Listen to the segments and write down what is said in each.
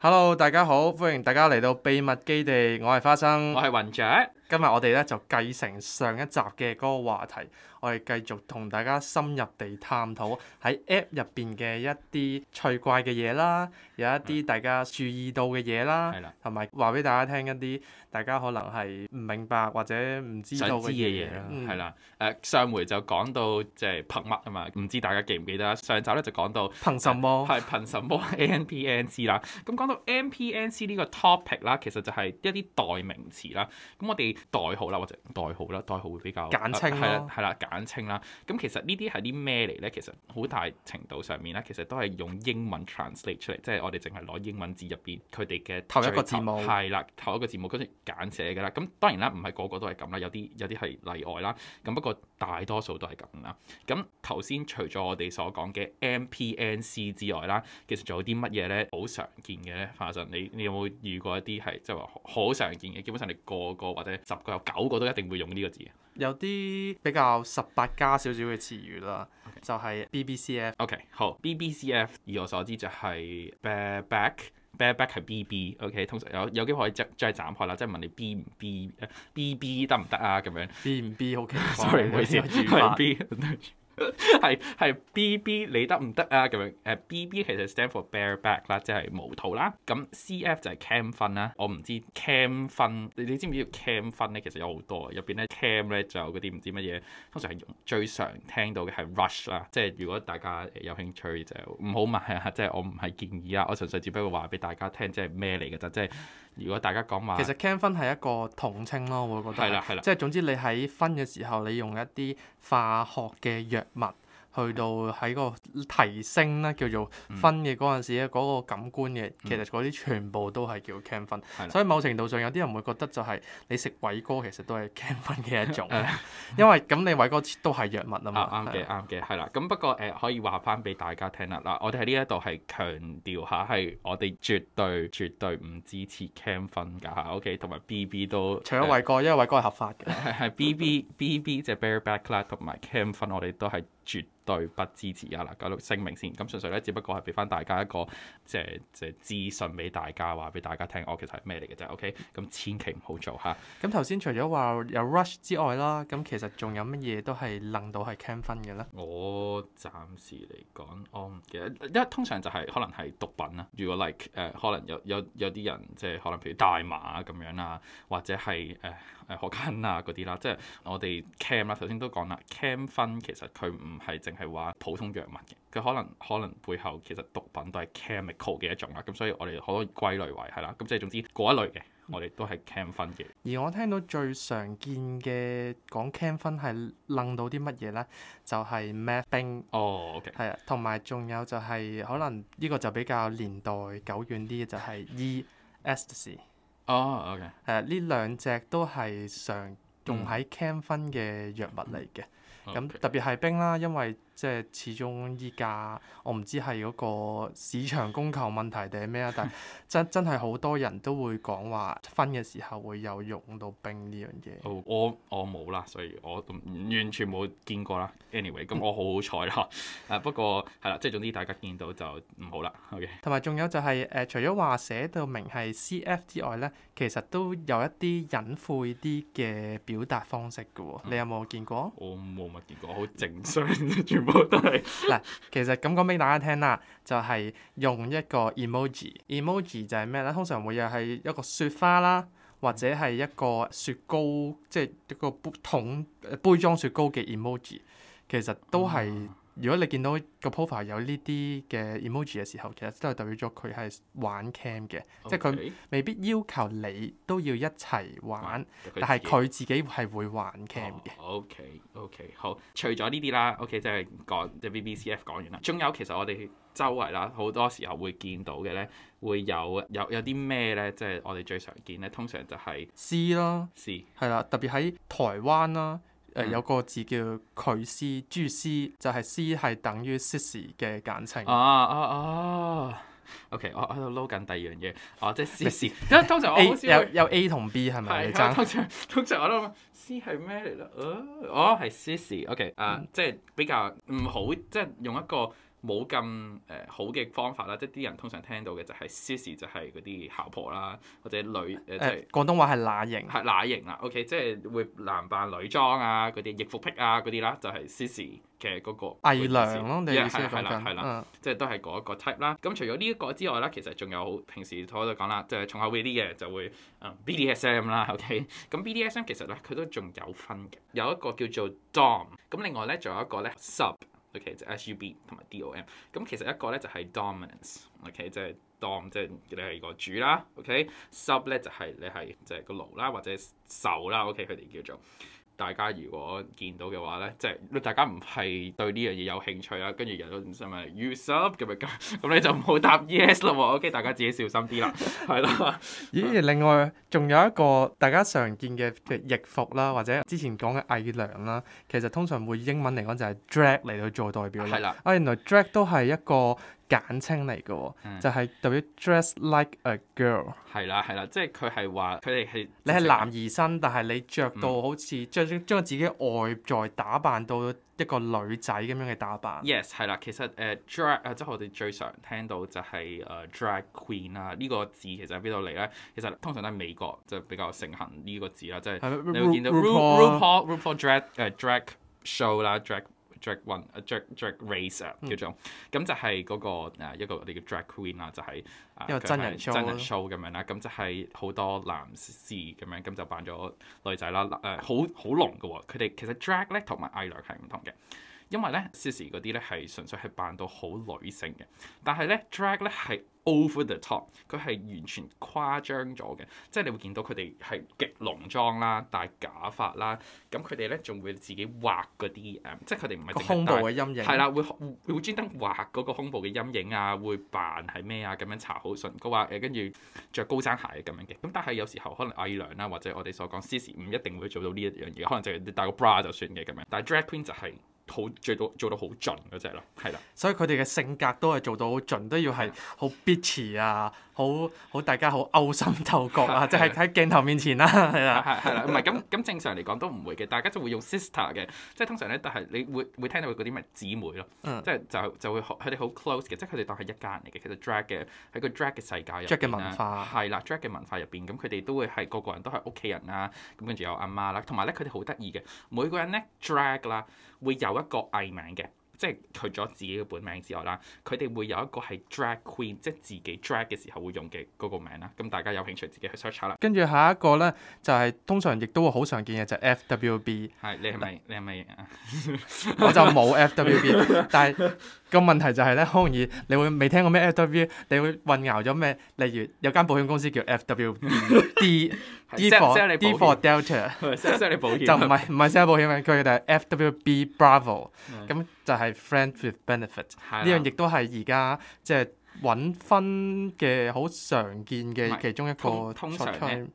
Hello，大家好，歡迎大家嚟到秘密 GAY 地，我係花生，我係雲雀，今日我哋咧就繼承上一集嘅嗰個話題。我哋繼續同大家深入地探討喺 App 入邊嘅一啲趣怪嘅嘢啦，有一啲大家注意到嘅嘢啦，同埋話俾大家聽一啲大家可能係唔明白或者唔知道嘅嘢啦。係啦，誒、嗯、上回就講到即係憑乜啊嘛？唔知大家記唔記得？上集咧就講到憑什麼，係憑什麼 N P N C 啦。咁講到 N P N C 呢個 topic 啦，其實就係一啲代名詞啦。咁我哋代號啦，或者代號啦，代號會比較簡稱啦，係啦，係啦。簡稱啦，咁其實呢啲係啲咩嚟呢？其實好大程度上面呢，其實都係用英文 translate 出嚟，即係我哋淨係攞英文字入邊佢哋嘅頭一個字母，係啦，頭一個字母跟住簡寫嘅啦。咁當然啦，唔係個個都係咁啦，有啲有啲係例外啦。咁不過大多數都係咁啦。咁頭先除咗我哋所講嘅 MPNC 之外啦，其實仲有啲乜嘢呢？好常見嘅呢，花生，你你有冇遇過一啲係即係話好常見嘅？基本上你個個或者十個有九個都一定會用呢個字。有啲比較十八加少少嘅詞語啦，就係 BBCF。OK，好，BBCF。以我所知就係 bareback。bareback 係 BB。OK，通常有有機會可以即即係斬開啦，即係問你 B 唔 B？誒，BB 得唔得啊？咁樣 B 唔 B？OK，sorry，唔好意思，我係 B 得。係係 B B 你得唔得啊？咁樣，誒，B B 其實 stand for bare back 啦，即係無圖啦。咁 C F 就係 cam 分啦。我唔知 cam 分，你你知唔知叫 cam 分咧？其實有好多入邊咧 cam 咧就有嗰啲唔知乜嘢。通常係最常聽到嘅係 rush 啦，即係如果大家有興趣就唔好買啊！即係我唔係建議啊，我純粹只不過話俾大家聽，即係咩嚟噶咋即係。如果大家講話，其實 can 分係一個統稱咯，我覺得即係總之你喺分嘅時候，你用一啲化學嘅藥物。去到喺個提升咧，叫做分嘅嗰陣時咧，嗰、嗯、個感官嘅，嗯、其實嗰啲全部都係叫 cam 分的，所以某程度上有啲人會覺得就係你食偉哥其實都係 cam 分嘅一種，啊、因為咁你偉哥都係藥物啊嘛，啱嘅啱嘅，係啦的，咁對不過誒可以話翻俾大家聽啦，嗱我哋喺呢一度係強調下係我哋絕對絕對唔支持 cam 分㗎，OK，同埋 BB 都除咗偉哥，啊、因為偉哥係合法嘅 ，BB BB 即係 bareback 啦，同埋 cam 分我哋都係絕對不支持啊！嗱，搞到聲明先，咁純粹咧，只不過係俾翻大家一個即係即係資訊俾大家，話俾大家聽，我其實係咩嚟嘅啫，OK？咁千祈唔好做嚇、啊。咁頭先除咗話有 rush 之外啦，咁其實仲有乜嘢都係掟到係 cam 分嘅咧？我暫時嚟講，我唔記得。因為通常就係、是、可能係毒品啦，如果 like 誒、呃，可能有有有啲人即係可能譬如大麻咁樣啊，或者係誒誒可卡因啊嗰啲啦，即係我哋 cam 啦，頭先都講啦，cam 分其實佢唔係淨，係話普通藥物嘅，佢可能可能背後其實毒品都係 chemical 嘅一種啦，咁所以我哋可以歸類為係啦，咁即係總之嗰一類嘅，嗯、我哋都係 c a m 分嘅。而我聽到最常見嘅講 c a m 分係諗到啲乜嘢咧？就係、是、m e t 冰哦，OK，係啊，同埋仲有就係、是、可能呢個就比較年代久遠啲，嘅，就係、是、e s t a 哦，OK，誒呢兩隻都係常用喺 c a m 分嘅藥物嚟嘅，咁、嗯、特別係冰啦，因為即係始終依家我唔知係嗰個市場供求問題定係咩啊，但係真真係好多人都會講話分嘅時候會有用到冰呢樣嘢。我我冇啦，所以我完全冇見過啦。Anyway，咁我好好彩啦。 不過係啦，即係總之大家見到就唔好啦。O.K. 同埋仲有就係、是、誒，除咗話寫到明係 CF 之外呢，其實都有一啲隱晦啲嘅表達方式嘅喎、哦。你有冇見過？我冇乜見過，好正常。 都係是嗱， 其實咁講俾大家聽啦，就係、是、用一個 emoji，emoji 就係咩咧？通常會有係一個雪花啦，或者係一個雪糕，即係一個桶杯桶杯裝雪糕嘅 emoji，其實都係、哦。如果你見到個 profile 有呢啲嘅 emoji 嘅時候，其實都係代表咗佢係玩 cam 嘅，Okay? 即係佢未必要求你都要一齊玩，但係佢自己係會玩 cam 嘅。Oh, OK，OK，、okay, okay, 好。除咗呢啲啦，OK，即係講即係 BBCF 講完啦。仲、okay, 就是、有其實我哋周圍啦，好多時候會見到嘅咧，會有有有啲咩咧？即、就、係、是、我哋最常見咧，通常就係 C 咯，C 係啦，特別喺台灣啦。誒有個字叫佢 C，G C 就係 C 係等於 sissy 嘅簡稱。哦哦哦，OK，我喺度撈緊第二樣嘢，哦即係 sissy。因為通常我好少有有 A 同 B 係咪？通常通常我都，「C 係咩嚟咧？哦，sissy< 米>我係 sissy。OK，啊、uh, 嗯，即係比較唔好，即係用一個。冇咁誒好嘅方法啦，即係啲人通常聽到嘅就係 sissy 就係嗰啲姣婆啦，或者女誒、即係呃，廣東話係乸型，係乸型啦。OK，即係會男扮女裝啊，嗰啲易服癖啊嗰啲啦，就係 sissy 嘅嗰個偽娘咯 Yeah, 是。你意思係咁？係啦，係啦，即係都係嗰個 type 啦。咁除咗呢一個之外啦，其實仲有平時同我都講啦，即係重口味啲嘅就會 BDSM 啦。Um, M, OK，咁 BDSM 其實咧佢都仲有分嘅，有一個叫做 dom，咁另外咧仲有一個咧 sub。OK，就 SUB 同埋 DOM，咁其實一個咧就係 dominance，OK，okay? 即係 dom，即係你係個主啦，OK，sub、okay? 咧就係你係即係個奴啦或者受啦，OK，佢哋叫做。大家如果見到嘅話咧，即係大家唔係對呢樣嘢有興趣啦，跟住人都唔 y o use u 咁咪咁， 樣你就唔好答 yes 咯喎。OK，大家自己小心啲啦，係啦。咦，另外仲有一個大家常見嘅即係易服啦，或者之前講嘅偽娘啦，其實通常會英文嚟講就係 drag 嚟到做代表啦。係啦的，啊，原來 drag 都係一個。簡稱嚟嘅，嗯、就係代表 dress like a girl。係啦，係啦，即係佢係話佢哋係你係男兒身，嗯、但係你着到好似將將自己外在打扮到一個女仔咁樣嘅打扮。Yes，係啦，其實誒、呃、drag 啊，即係我哋最常聽到就係、是、誒、呃、drag queen 啊，呢、這個字其實喺邊度嚟咧？其實通常都係美國就是、比較盛行呢個字啦、啊，即、就、係、是啊、你會見到 RuPaul、RuPaul drag、uh, drag show 啦，drag。Drag one，啊、uh, Drag、Drag race、uh, 嗯、叫做，咁就係嗰、嗰個、uh, 一個我哋叫 Drag queen 啦、就係，就係啊，一個真人真人、啊、show 咁樣啦，咁就係好多男士咁樣，咁就扮咗女仔啦，誒、啊、好好濃嘅喎，佢哋其實 Drag 咧同埋藝術係唔同嘅。因為咧 sissy 嗰啲咧係純粹係扮到好女性嘅，但係咧 drag 咧係 over the top，佢係完全誇張咗嘅。即係你會見到佢哋係極濃妝啦，戴假髮啦，咁佢哋咧仲會自己畫嗰啲誒，即係佢哋唔係個胸部嘅陰影係啦，會會會專登畫嗰個胸部嘅陰影啊，會扮係咩啊咁樣搽好唇膏啊，跟住着高踭鞋咁、啊、樣嘅。咁但係有時候可能偽娘啦，或者我哋所講 sissy 唔一定會做到呢一樣嘢，可能就係戴個 bra 就算嘅咁樣。但係 drag queen 就係、是。好做到做到準好盡嗰隻咯，係啦。所以佢哋嘅性格都係做到好盡，都要係中文、哦、好 bitchy 啊，好好大家好勾心鬥角啊，即係喺鏡頭面前啦，係啦，係啦，唔係咁咁正常嚟講都唔會嘅，大家就 會,會用 sister 嘅，即、就、係、係、通常咧，但係你會會聽到佢嗰啲咪姊妹咯，即係就就會佢哋好 close 嘅，即係佢哋當係一家人嚟嘅。其實 drag 嘅喺個 drag 嘅世界入邊 drag 嘅文化係啦，drag 嘅文化入邊咁佢哋都會係個個人都係屋企人啊，咁跟住有阿媽啦，同埋咧佢哋好得意嘅，每個人咧 drag 啦。會有一個藝名嘅，即係除咗自己嘅本名之外啦，佢哋會有一個係 drag queen，即係自己 drag 嘅時候會用嘅嗰個名啦。咁大家有興趣自己去 search 啦。跟住下一個呢，就係通常亦都會好常見嘅就係 FWB。係你係咪？你係咪？啊我就冇 FWB，但係。個問題就係咧，好容易你會未聽過咩 F.W.，你會混淆咗咩？例如有間保險公司叫 FWD，D for Delta，就唔係唔係 sell 保險嘅，佢哋係 F.W.B. Bravo，咁就係 Friend With Benefit。呢樣亦都係而家即係揾分嘅好常見嘅其中一個。通常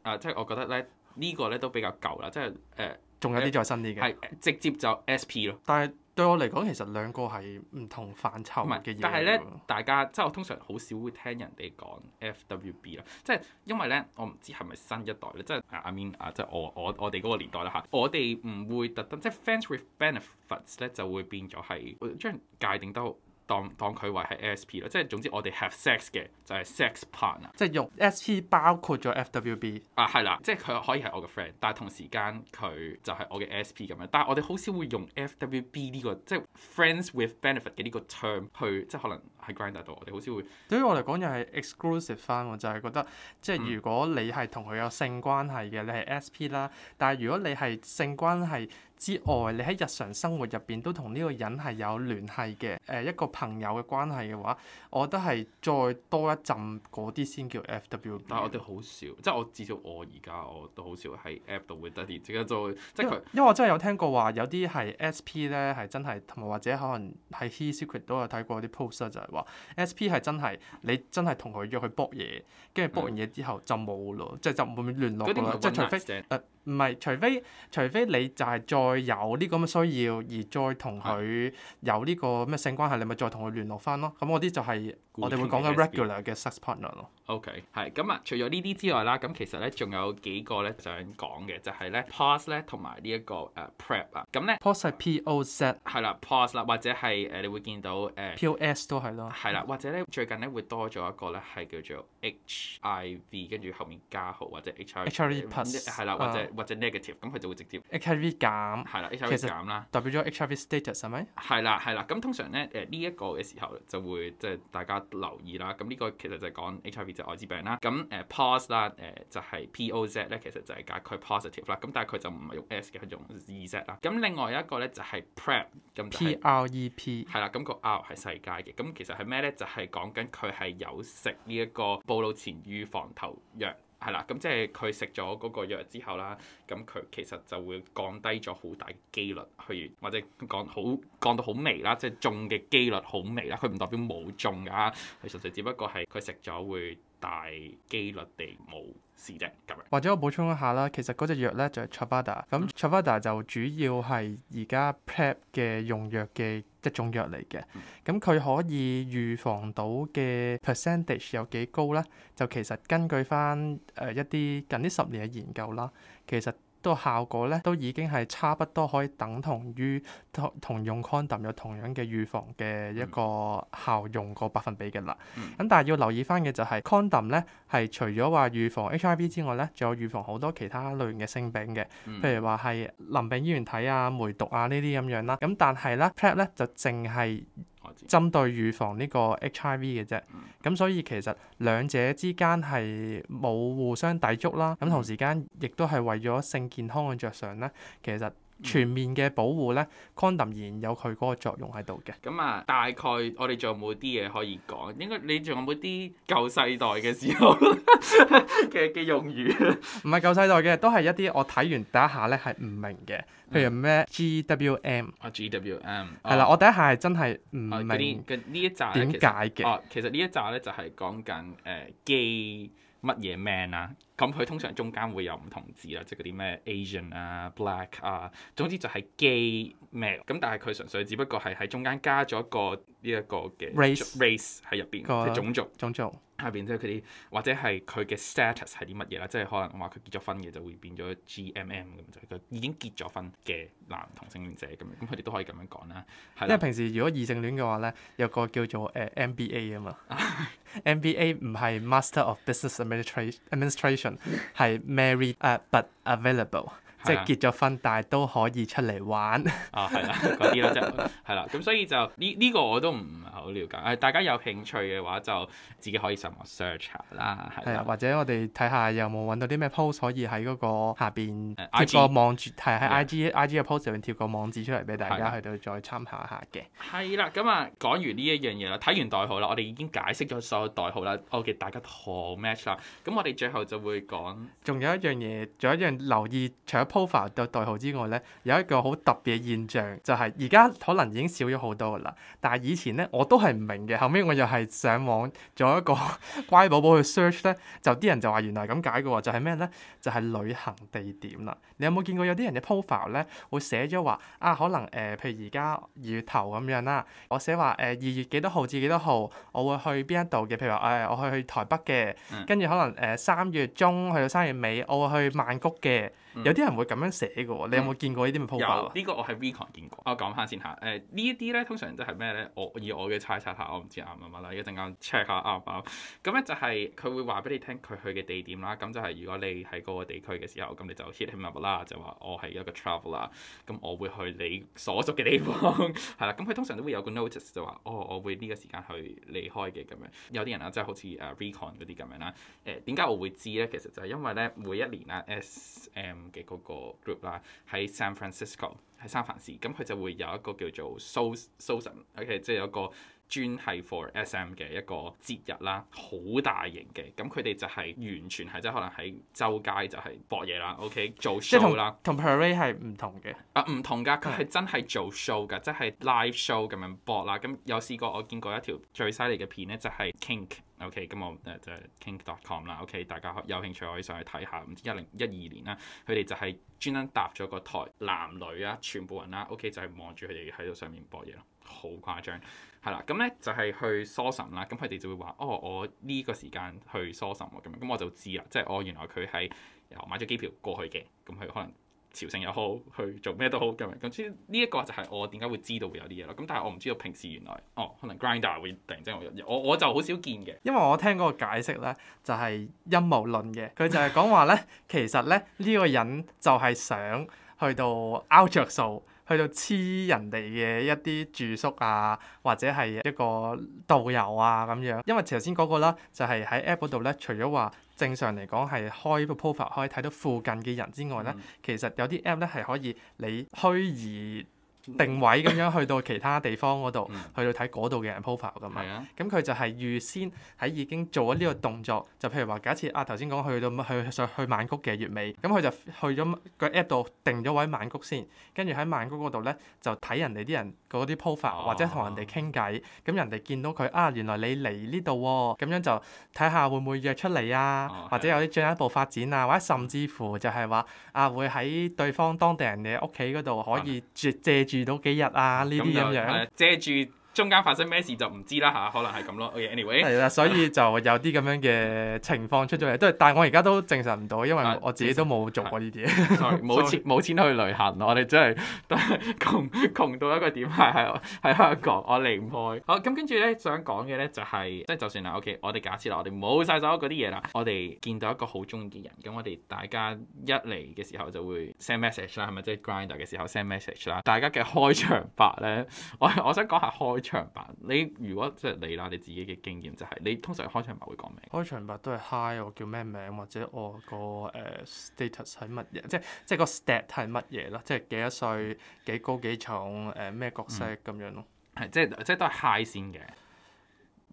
啊，即係我覺得咧，呢個咧都比較舊啦，即係誒，仲有啲再新啲嘅。係直接就 S.P. 咯。但係。對我嚟講，其實兩個係唔同範疇嘅嘢。但係咧，大家即係我通常好少會聽人哋講 FWB 啦，即係因為咧，我唔知係咪新一代咧，即係阿 I mean 啊、uh，即係我我我哋嗰個年代啦嚇，我哋唔會特登即係 friends with benefits 咧，就會變咗係將界定得好。當當佢為係 SP 咯，即係總之我哋 have sex 嘅就係、是、sex partner，即係用 SP 包括咗 FWB 啊，係啦，即係佢可以係我嘅 friend，但係同時間佢就係我嘅 SP 咁樣。但係我哋好少會用 FWB 呢、這個即係 friends with benefit 嘅呢個 term 去，即係可能喺 Grindr 度我哋好少會。對於我嚟講又係 exclusive 翻喎，就係覺得即係如果你係同佢有性關係嘅，你係 SP 啦。但係如果你係性關係，之外，你喺日常生活入邊都同呢個人係有聯繫嘅，誒、呃、一個朋友嘅關係嘅話，我覺得係再多一陣嗰啲先叫 F.W. 但係我哋好少，即係我至少我而家我都好少喺 App 度會得啲，即係就即係因，因為我真係有聽過話，有啲係 S.P. 咧係真係，同埋或者可能喺 He Secret 都有睇過啲 post 就係話 S.P. 係真係你真係同佢約去搏嘢，跟住搏完嘢之後就冇咯，即係、嗯、就唔會聯絡。即係、嗯、除非。嗯唔係，除非除非你就係再有呢個咁嘅需要，而再同佢有呢個咩性關係，你咪再同佢聯絡翻咯。咁我啲就係我哋會講緊 regular 嘅 sex partner 咯。OK，係咁啊。除咗呢啲之外啦，咁其實咧仲有幾個咧想係講嘅，就係、是、咧 pause 咧同埋呢一個誒 prep 啊。咁咧 pause 係 P-O-S，係啦 pause 啦，或者係誒你會見到誒 P-O-S 都係咯。係、uh，啦，或者咧最近咧會多咗一個咧係叫做。HIV 跟住後面加號或者 HIV plus 啦，或者或者 negative 咁佢就會直接 HIV 減，係啦，HIV 減啦。代表咗 HIV status 係咪？係啦係啦。咁通常咧誒呢一個嘅時候就會即係大家留意啦。咁呢個其實就係講 HIV 就係艾滋病啦。咁誒 poz 啦誒就係 poz 咧，其實就係解佢 positive 啦。咁但係佢就唔係用 s 嘅，係用 z 啦。咁另外一個咧就係 prep 咁 prep 係啦。咁個 r 係世界嘅。咁其實係咩咧？就係講緊佢係有食呢一個。暴露前預防投藥係啦，咁即係佢食咗嗰個藥之後啦，咁佢其實就會降低咗好大嘅機率去，或者講好降到好微啦，即係中嘅機率好微啦，佢唔代表冇中㗎，佢純粹只不過係佢食咗會。大機率地冇事啫，今日或者我補充一下啦，其實嗰隻藥咧就係 Truvada 咁 Truvada 就主要係而家 prep 嘅用藥嘅一種藥嚟嘅，咁佢可以預防到嘅 percentage 有幾高咧？就其實根據翻誒一啲近呢十年嘅研究啦，其實。個效果咧都已經係差不多可以等同於同用 condom 有同樣嘅預防嘅一個效用個百分比嘅啦。咁、嗯、但係要留意翻嘅就係 condom 咧係除咗話預防 HIV 之外咧，仲有預防好多其他類型嘅性病嘅，嗯、譬如話係淋病衣原體啊、梅毒啊這這呢啲咁樣啦。咁但係咧，PrEP 咧就淨係。針對預防呢個 HIV 嘅啫，咁所以其實兩者之間係冇互相抵觸啦。咁同時間亦都係為咗性健康嘅着想咧，其實。全面嘅保護咧、嗯、，condom 仍然有佢嗰個作用喺度嘅。咁啊，大概我哋仲有冇啲嘢可以講？應該你仲有冇啲舊世代嘅時候嘅嘅 用語？唔係舊世代嘅，都係一啲我睇完第一下咧係唔明嘅。譬如咩 GWM 啊，GWM 係啦，我第一下係真係唔明嘅、哦、呢一紮點解嘅？哦，其實一集呢一紮咧就係、是、講緊誒 g 乜嘢 man 啊？咁佢通常中間會有唔同字啦，即係嗰啲咩 Asian 啊、Black 啊，總之就係 gay male。咁但係佢純粹只不過係喺中間加咗一個呢一個嘅 race 喺入邊，那個即係種族、種族。種族下邊即係佢哋，或者係佢嘅 status 係啲乜嘢啦，即係可能我話佢結咗婚嘅就會變咗 GMM，咁就，佢已經結咗婚嘅男同性戀者咁樣，咁佢哋都可以咁樣講啦。因為平時如果異性戀嘅話咧，有個叫做誒 MBA 啊嘛，MBA 唔係 Master of Business Administration，係 Married 誒 but available。即係結咗婚，但係都可以出嚟玩。啊、哦，係啦，嗰啲咯，即係啦。咁、嗯、所以就呢呢、這個我都唔係好了解。誒，大家有興趣嘅話，就自己可以上網 search 下啦。係啊，或者我哋睇下有冇搵到啲咩 post 可以喺嗰個下邊貼個網址，係喺 IG 的 IG 嘅 post 上面貼個網址出嚟俾大家的去到再參考一下嘅。係啦，咁啊講完呢一樣嘢啦，睇完代號啦，我哋已經解釋咗所有代號啦。OK，大家好 match 啦。咁我哋最後就會講，仲有一樣嘢，仲有一樣留意，除 profile 嘅代號之外咧，有一個好特別嘅現象，就係而家可能已經少咗好多噶啦。但係以前咧，我都係唔明嘅。後尾我又係上網做一個 乖寶寶去 search 咧，就啲人就話原來係咁解嘅喎，就係咩咧？就係、是、旅行地點啦。你有冇見過有啲人嘅 profile 咧，會寫咗話啊？可能誒、呃，譬如而家二月頭咁樣啦，我寫話誒二月幾多號至幾多號，我會去邊一度嘅？譬如話誒、呃，我去去台北嘅，跟住可能誒三、呃、月中去到三月尾，我會去曼谷嘅。有啲人會咁樣寫嘅，你有冇見過呢啲咁嘅鋪呢？嗯，呢個我喺 recon 見過。我講下先嚇，誒、呃、呢一啲咧通常都係咩咧？我以我嘅猜測下，我唔知啱唔啱啦，一陣間 check 下啱唔啱咁咧，就係、是、佢會話俾你聽佢去嘅地點啦。咁、嗯、就係、是、如果你喺嗰個地區嘅時候，咁你就 hit him up 啦，就話我係一個 traveler，咁、嗯、我會去你所屬嘅地方，係 啦。咁、嗯、佢通常都會有個 notice 就話，哦，我會呢個時間去離開嘅咁樣。有啲人啊，即係好似啊 recon 嗰啲咁樣啦。誒，點解我會知咧？其實就係因為咧，每一年啊，S M 嘅嗰個 group 啦，喺 San Francisco，喺三藩市，咁佢就會有一個叫做 Soulson，OK，即係有一個專係 for SM 嘅一個節日啦，好大型嘅，咁佢哋就係完全係即係可能喺周街就係博嘢啦，OK，做 show 啦，同 Parade 係唔同嘅，啊唔同噶，佢係真係做 show 噶，的即係 live show 咁樣博啦，咁有試過我見過一條最犀利嘅片咧，就係 Kink。OK，咁我誒就係 King.com 啦。OK，大家有興趣可以上去睇下，唔知一零一二年啦，佢哋就係專登搭咗個台，男女啊，全部人啦、啊。OK，就係望住佢哋喺度上面播嘢咯，好誇張。係、嗯、啦，咁咧就係去疏神啦。咁佢哋就會話：哦，我呢個時間去疏神喎。咁樣，咁我就知啦。即係我原來佢係又買咗機票過去嘅。咁佢可能。朝聖又好，去做咩都好咁咁，呢一個就係我點解會知道會有啲嘢咯。咁但係我唔知道平時原來哦，可能 Grindr 會突然之間我我我，就好少見嘅。因為我聽嗰個解釋咧，就係陰謀論嘅。佢就係講話咧，其實咧，呢個人就係想去到 out 着數，去到黐人哋嘅一啲住宿啊，或者係一個導遊啊咁樣。因為頭先嗰個啦，就係喺 app 嗰度咧，除咗話。正常嚟講係開個 profile 可以睇到附近嘅人之外咧，嗯、其實有啲 app 咧係可以你虛擬定位咁樣去到其他地方嗰度，嗯、去到睇嗰度嘅人 profile 咁樣，嘛、嗯。咁佢就係預先喺已經做咗呢個動作，就譬如話假設啊頭先講去到去上去曼谷嘅月尾，咁佢就去咗個 app 度定咗位曼谷先，跟住喺曼谷嗰度咧就睇人哋啲人嗰啲 profile 或者同人哋傾偈，咁、哦、人哋見到佢啊原來你嚟呢度喎，咁樣就睇下會唔會約出嚟啊，哦、或者有啲進一步發展啊，或者甚至乎就係話啊會喺對方當地人嘅屋企嗰度可以借借。住到幾日啊？呢啲咁樣遮住。中間發生咩事就唔知啦，嚇、啊，可能係咁咯。Anyway，係啦 所以就有啲咁樣嘅情況出咗嚟，都係，但係我而家都證實唔到，因為我自己都冇做過呢啲嘢，冇、uh, 錢冇錢去旅行，我哋真係都係窮窮到一個點，係係喺香港，我離唔開。好，咁跟住咧想講嘅咧就係、是，即係就算啦，OK，我哋假設啦，我哋冇曬所有嗰啲嘢啦，我哋見到一個好中意嘅人，咁我哋大家一嚟嘅時候就會 send message 啦，係咪即係 Grindr 嘅時候 send message 啦？ 大家嘅開場白咧，我我，我想講下開。開場白，你如果即係你啦，你自己嘅經驗就係、是，你通常開場白會講咩？開場白都係 Hi 我叫咩名，或者我個誒 status 係乜嘢，即係即係個 status 係乜嘢咯，即係幾多歲、幾高、幾重、誒、呃、咩角色咁、嗯、樣咯，係即係即係都係 Hi 先嘅。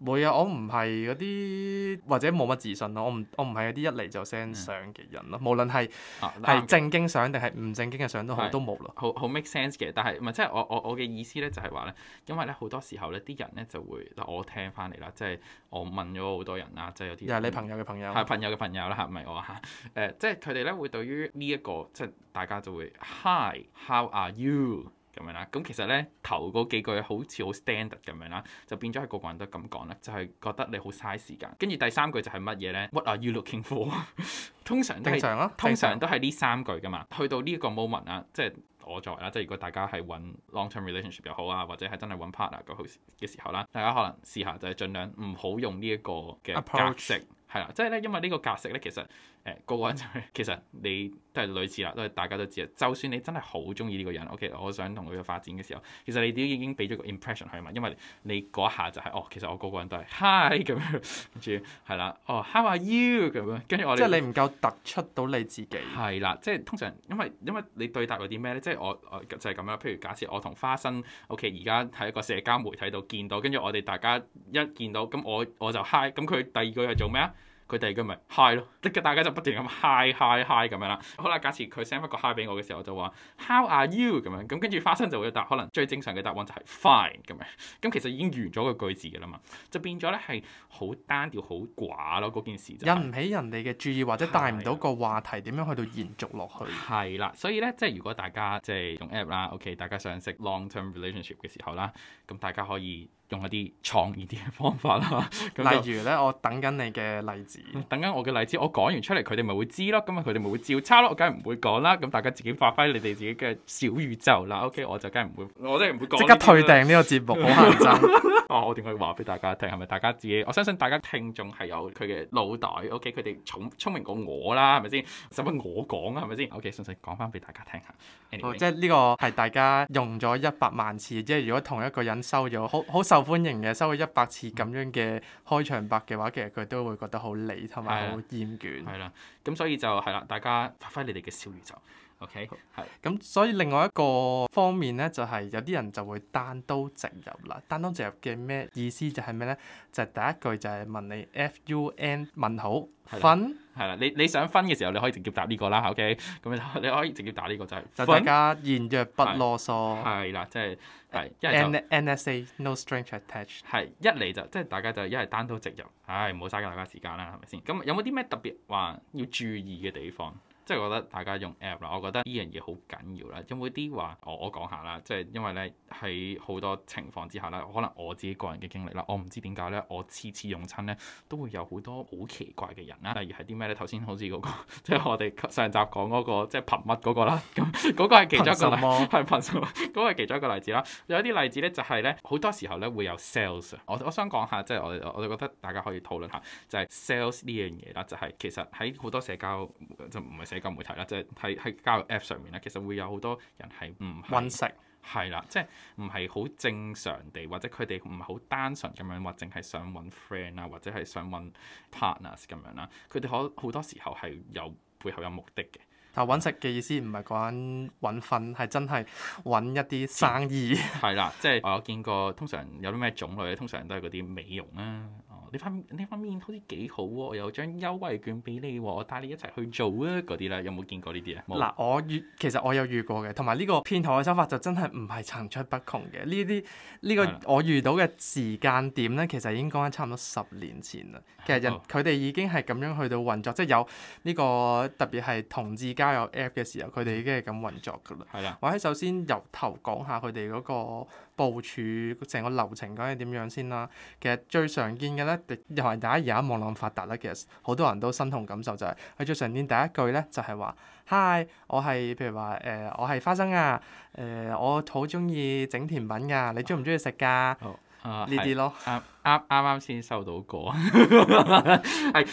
會啊，我唔係嗰啲或者冇乜自信咯，我唔我唔係嗰啲一嚟就 send 相嘅人咯，嗯、無論係係、啊、正經相定係唔正經嘅相都好，是都冇咯。好好 make sense 嘅，但係唔係即係我我我嘅意思咧就係話咧，因為咧好多時候咧啲人咧就會，嗱我聽翻嚟啦，即係我問咗好多人啦，即係有啲係你朋友嘅朋友，係朋友嘅朋友啦嚇，咪我嚇誒， 即係佢哋咧會對於呢、這、一個即係大家就會 hi how are you。咁樣啦，咁其實呢頭嗰幾句好似好 standard 咁樣啦，就變咗係個個人都咁講啦，就係、是、覺得你好嘥時間。跟住第三句就係乜嘢呢？What are you looking for？ 通常都係、啊、通常都係呢三句噶嘛。啊、去到呢一個 moment 啊常，即係我作為啦，即係如果大家係揾 long-term relationship 又好啊，或者係真係揾 partner 嘅時候啦，大家可能試下就係盡量唔好用呢一個嘅格式係啦、啊。即係呢，因為呢個格式呢，其實誒個、欸、個人都其實你。都係類似啦，都係大家都知啊。就算你真係好中意呢個人，OK，我想同佢嘅發展嘅時候，其實你都已經俾咗個 impression 佢啊嘛。因為你嗰下就係、是、哦，其實我個個人都係 hi 咁樣，跟住係啦，哦、oh, how are you 咁樣，跟住我即係你唔夠突出到你自己。係啦，即係通常因為因為你對答有啲咩咧？即係我我就係咁啦。譬如假設我同花生 OK 而家喺一個社交媒體度見到，跟住我哋大家一見到咁我我就 hi，咁佢第二個又做咩啊？佢第二句咪嗨咯，即係大家就不斷咁嗨嗨嗨咁樣啦。好啦，假設佢 send 一個嗨俾我嘅時候，我就話 how are you 咁樣，咁跟住花生就會有答，可能最正常嘅答案就係 fine 咁樣。咁其實已經完咗個句子噶啦嘛，就變咗咧係好單調、好寡咯嗰件事，就引唔起人哋嘅注意，或者帶唔到個話題點樣去到延續落去。係啦，所以咧即係如果大家即係用 app 啦，OK，大家想識 long term relationship 嘅時候啦，咁大家可以，用一啲創意啲嘅方法啦，例如咧，我等緊你嘅例子、嗯，等緊我嘅例子，我講完出嚟，佢哋咪會知咯，咁啊佢哋咪會照抄咯，梗係唔會講啦，咁大家自己發揮你哋自己嘅小宇宙啦。嗯、OK，我就梗係唔會，我真係唔會，即刻退訂呢個節目，好限制。我點可以話俾大家聽？係咪大家自己？我相信大家聽眾係有佢嘅腦袋，OK，佢哋聰聰明過我啦，係咪先？使乜我講啊？係咪先？OK，順勢講翻俾大家聽下。嗯、好即係呢個係大家用咗一百萬次，即係如果同一個人收咗，好好受。歡迎嘅，收咗一百次咁樣嘅開場白嘅話，其實佢都會覺得好膩同埋好厭倦。係啦了，咁 所以就係啦，大家發揮你哋嘅小宇宙。OK，係咁、嗯，所以另外一個方面咧，就係、是、有啲人就會單刀直入啦。單刀直入嘅咩意思就呢？就係咩咧？就係第一句就係問你 FUN 問好啦分，係啦。你你想分嘅時候，你可以直接答呢個啦。OK，咁 你可以直接打呢個就係大家言若不囉嗦，係啦，即係係 N, NSA No Strings Attached，係一嚟就即係大家就一係單刀直入，唉、哎，唔好嘥嘅大家時間啦，係咪先？咁有冇啲咩特別話要注意嘅地方？即係覺得大家用 app 啦，我覺得呢樣嘢好緊要啦。有冇啲話，我我講下啦，即係因為咧喺好多情況之下咧，可能我自己個人嘅經歷啦，我唔知點解咧，我次次用親咧都會有好多好奇怪嘅人啦。例如係啲咩咧？頭先好似嗰個，即係我哋上集講嗰個，即係噴物嗰個啦。咁嗰個係其中一個，係噴物。嗰個係其中一個例子啦。有一啲例子咧，就係咧，好多時候咧會有 sales。我我想講下，即係我我就覺得大家可以討論下，就係 sales 呢樣嘢啦。就係其實喺好多社交就唔係社，個媒體啦，即係係喺交友 App 上面啦，其實會有好多人係唔揾食，係啦，即係唔係好正常地，或者佢哋唔係好單純咁樣，或淨係想揾 friend 啊，或者係想揾 partners 咁樣啦，佢哋可好多時候係有背後有目的嘅。但揾食嘅意思唔係講揾份，係真係揾一啲生意。係啦的，即係、 就是、我有見過，通常有啲咩種類咧？通常都係嗰啲美容啊。呢塊呢塊面好似幾好喎，我有張優惠券俾你喎，我帶你一齊去做啊，嗰啲啦，有冇見過呢啲啊？嗱，我遇其實我有遇過嘅，同埋呢個騙徒嘅手法就真係唔係層出不窮嘅。呢啲呢個我遇到嘅時間點咧，其實已經講緊差唔多十年前啦。其實人佢哋、哦、已經係咁樣去到運作，即係有呢個特別係同志交友 App 嘅時候，佢哋已經係咁運作噶啦。係啦的，我喺首先由頭講下佢哋嗰個。部署成個流程講係點樣先啦？其實最常見嘅咧，又係大家而家網絡咁發達啦。其實好多人都心痛感受就係、是，佢最常見第一句咧就係話：，Hi，我係譬如話誒、呃，我係花生啊，誒、呃，我好中意整甜品噶，你中唔中意食噶？呢啲、呃、咯，啱啱啱啱先收到過，係、 這個、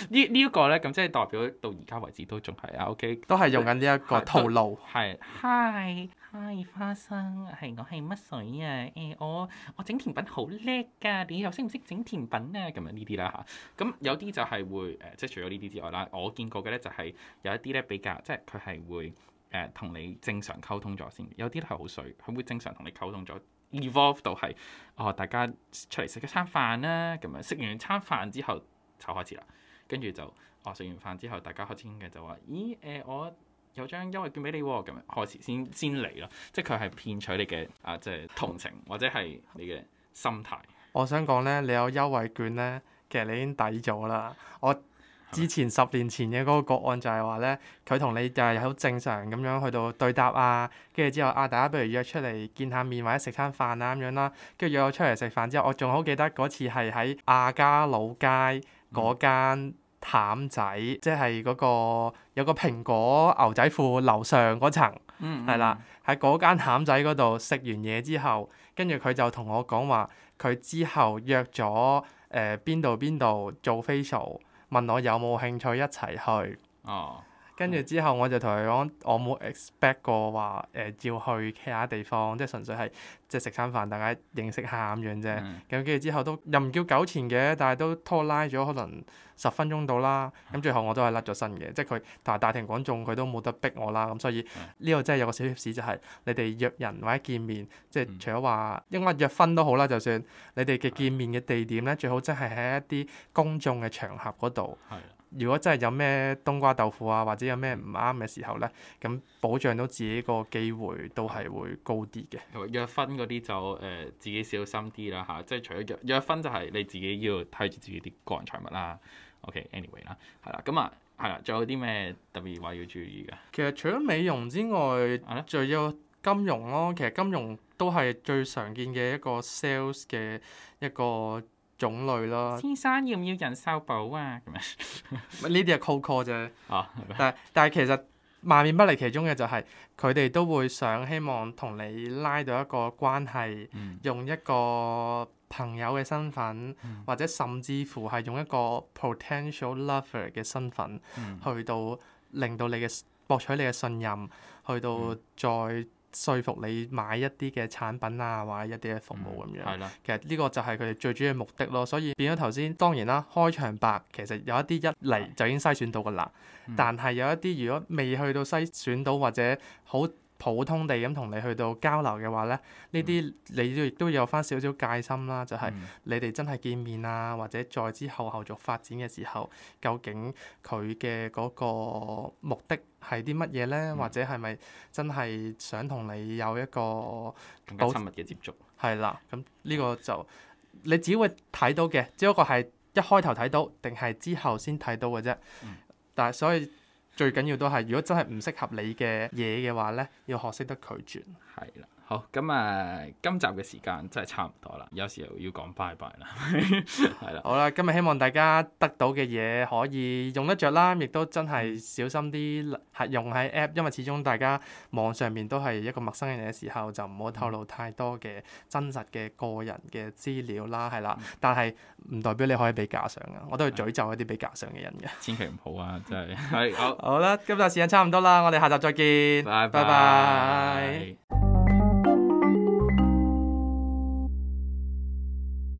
呢呢一個咧，咁即係代表到而家為止、okay? 都仲係 OK，都係用緊呢一個套路，係 Hi。嗨花生，係我係乜水啊？誒、欸、我我整甜品好叻㗎，你又識唔識整甜品啊？咁樣呢啲啦嚇，咁、嗯、有啲就係會誒，即、呃、係除咗呢啲之外啦，我見過嘅咧就係有一啲咧比較即係佢係會誒同、呃、你正常溝通咗先，有啲都係好水，佢會正常同你溝通咗，evolve 到係哦、呃，大家出嚟食一餐飯啦、啊，咁樣食完餐飯之後就開始啦，跟住就哦食、呃、完飯之後大家開始傾偈就話咦誒、呃、我。有張優惠券俾你喎，咁樣開始先先嚟咯，即係佢係騙取你嘅啊，即係同情或者係你嘅心態。我想講咧，你有優惠券咧，其實你已經抵咗啦。我之前十年前嘅嗰個個案就係話咧，佢同你就係好正常咁樣去到對答啊，跟住之後啊，大家不如約出嚟見下面或者食餐飯啊咁樣啦，跟住約我出嚟食飯之後，我仲好記得嗰次係喺亞加老街嗰間。嗯。淡仔即係嗰個有個蘋果牛仔褲樓上嗰層，係啦、嗯嗯嗯，喺嗰間淡仔嗰度食完嘢之後，跟住佢就同我講話，佢之後約咗誒邊度邊度做 facial，問我有冇興趣一齊去。哦跟住之後，我就同佢講，我冇 expect 過話誒要去其他地方，即係純粹係即食餐飯，大家認識下咁樣啫。咁跟住之後都又唔叫糾纏嘅，但係都拖拉咗可能十分鐘到啦。咁最後我都係甩咗身嘅，即佢大庭廣眾，佢都冇得逼我啦。咁所以呢個真係有個小 tips 就係、是、你哋約人或者見面，即除咗話因為約分都好啦，就算你哋嘅見面嘅地點咧，最好真係喺一啲公眾嘅場合嗰度。如果真係有咩冬瓜豆腐啊，或者有咩唔啱嘅時候呢，咁保障到自己個機會都係會高啲嘅。約分嗰啲就誒自己小心啲啦吓，即係除咗約約分就係你自己要睇住自己啲個人財物啦。OK，anyway 啦，係啦，咁啊係啦，仲有啲咩特別話要注意㗎？其實除咗美容之外，仲 有金融咯。其實金融都係最常見嘅一個 sales 嘅一個。種類咯，先生要唔要人壽保啊？咁樣呢啲係 cold call 啫、啊，但係但係其實萬變不離其中嘅就係佢哋都會想希望同你拉到一個關係，嗯、用一個朋友嘅身份，嗯、或者甚至乎係用一個 potential lover 嘅身份、嗯、去到令到你嘅博取你嘅信任，去到再。說服你買一啲嘅產品啊，或者一啲嘅服務咁樣，嗯、其實呢個就係佢哋最主要嘅目的咯。所以變咗頭先，當然啦，開場白其實有一啲一嚟就已經篩選到噶啦，嗯、但係有一啲如果未去到篩選到或者好。普通地咁同你去到交流嘅話咧，呢啲你亦都有翻少少戒心啦，就係、是、你哋真係見面啊，或者再之後後續發展嘅時候，究竟佢嘅嗰個目的係啲乜嘢咧？嗯、或者係咪真係想同你有一個更加親密嘅接觸？係啦，咁呢個就你只會睇到嘅，只不過係一開頭睇到，定係之後先睇到嘅啫。嗯、但係所以。最緊要都係，如果真係唔適合你嘅嘢嘅話咧，要學識得拒絕。係啦。好，咁啊，今集嘅時間真係差唔多啦，有時候要講拜拜 e 啦，係 啦了。好啦，今日希望大家得到嘅嘢可以用得着啦，亦都真係小心啲，係用喺 app，因為始終大家網上面都係一個陌生人嘅嘢時候，就唔好透露太多嘅真實嘅個人嘅資料啦，係啦。但係唔代表你可以俾假相嘅， 我都要詛咒一啲俾假相嘅人嘅。千祈唔好啊，真係。係 好。好啦，今集時間差唔多啦，我哋下集再見。拜拜。